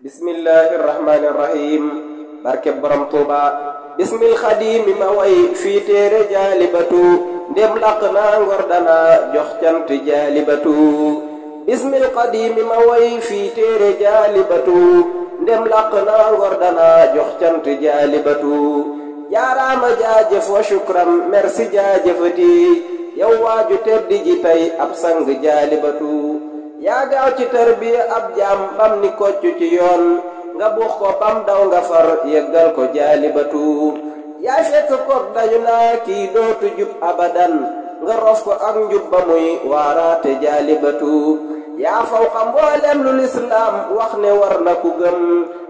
bismillahi irrahmani irrahim barke borom tuuba bismil xadimi ma way fii téere jaalibatu ndem laq naa ngor danaa jox jaalibatu bismil xadimi ma way fii téere jaalibatu ndem laq naa ngor danaa jox jaalibatu jaaraama jaajëf wa shukram merci jaajëfati yow waaju tedd ji tey ab sang jaalibatu Ya gaaw ci tarbiya ab jam bam ni ko ci yoon nga ko bam daw nga far yëggal ko jalibatu ya setu ko dañu naa kii dootu jub abadan nga rof ko ak njub ba muy waaraate jalibatu ya faw xam mboolem lu lislaam wax ne war na ku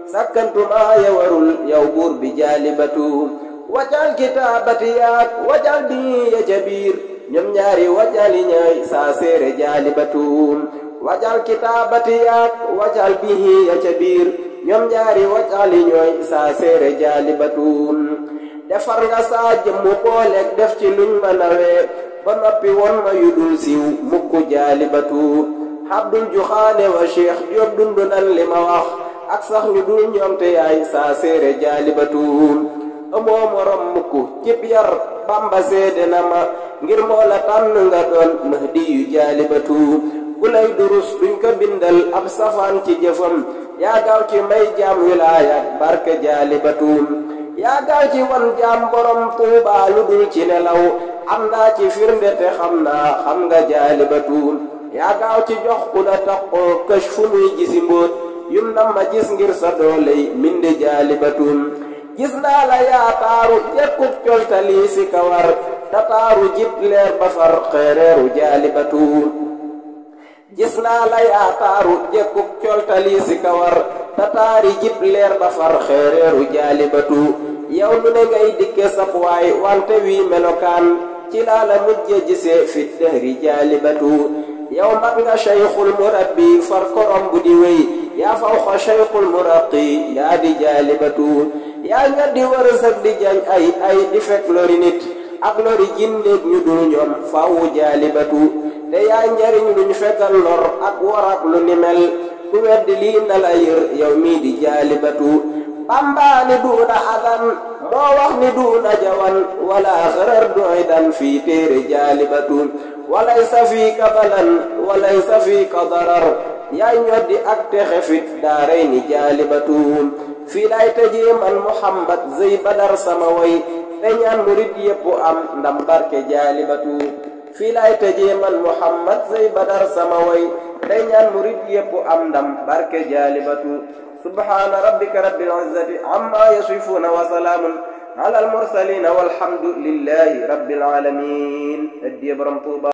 sakantu ma ya warul yow bur bi jalibatu wajal kitabati ya wajal bi ya jabir ñom ñaari wajali ñay sa sere jalibatu wajal kitaabati yaak wajal bihi ya ca biir ñoom ñaari wajal yi ñooy saa séere jaalibatuun defar nga saa jëmmu booleeg def ci luñ ba noppi won ma yu dul siiw mukk jaalibatu xabdul juxaane wa cheikh jóob dundu nan li ma wax ak sax ñu dul te yaay saa séere jaalibatuun amoo morom mukk cib yar bamba seede na ma ngir moo la tànn nga doon mahdi yu ku lay durus duñ ko bindal ab safaan ci jëfam yaa gaaw ci may jaam wilaaya barke jaalibatuum yaa gaaw ci wan jaam borom tuubaa lu dul ci nelaw am naa ci firnde te xam naa xam nga jaalibatuum yaa gaaw ci jox ku da taqoo kës fu muy gisi mbóot yum na ma ngir sa dooley minde jaalibatuum gis naa la yaa taaru jekkub coltali si kawar tataaru jib leer ba far xeereeru jaalibatuum gis naa lay ataaru jekkuk coltali si kawar tataari jib leer ba far xeereeru jaalibatu yow lu ne ngay dikke sab waay wante wii melokaan ci laa la mujje gisee fi dëhri jaalibatu yow mag nga cheyxul murabbi far korom bu di wéy yaa fawxa cheyxul muraqi yaa di jaalibatu yaa nga di wërsëg di jañ ay ay di fekk lori nit ak lori jinneeg ñu dul fawu jaalibatu te yaay njariñ luñ fetal lor ak warak lu ni mel ku weddi lii na la yow mii di jaalibatu pambaani duuna xadan moo wax ni duuna jawan wala xërar doy dan fii téere jaalibatu walaysa fiika balan walaysa fiika darar yaay ñoddi ak texe fit daaray ni jaalibatu fii lay tëjee muhammad zëy badar sama te ñaan murit yépp am ndam jaalibatu fiilay tëjee man muhammad sey badar sama woy day ñaan murid yépp am ndam barke jaalibatu subhaana rabbika rabbil izzati amma yasifuuna wa salaamun ala almursalina walhamdu lillahi rabbil alamin addiye borom tuuba